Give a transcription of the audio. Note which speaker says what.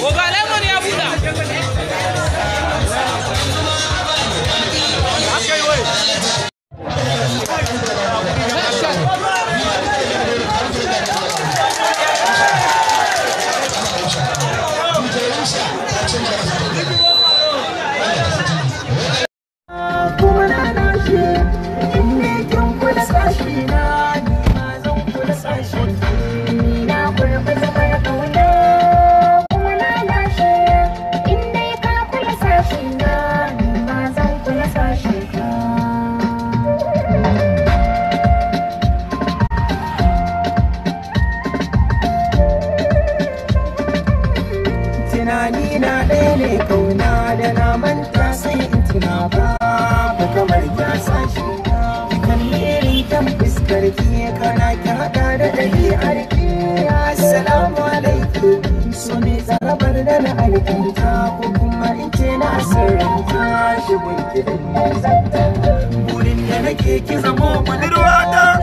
Speaker 1: Go, go. tunani na ɗaya ne kauna da na manta sai in tuna ba kamar ya sashi kan miri kan fuskar ki kana ki da dabi ki assalamu alaikum so ne zarabar da na alkinta ko kuma in ce na sirrinta shi bai kiɗin ne zanta burin da nake ki zamo ta.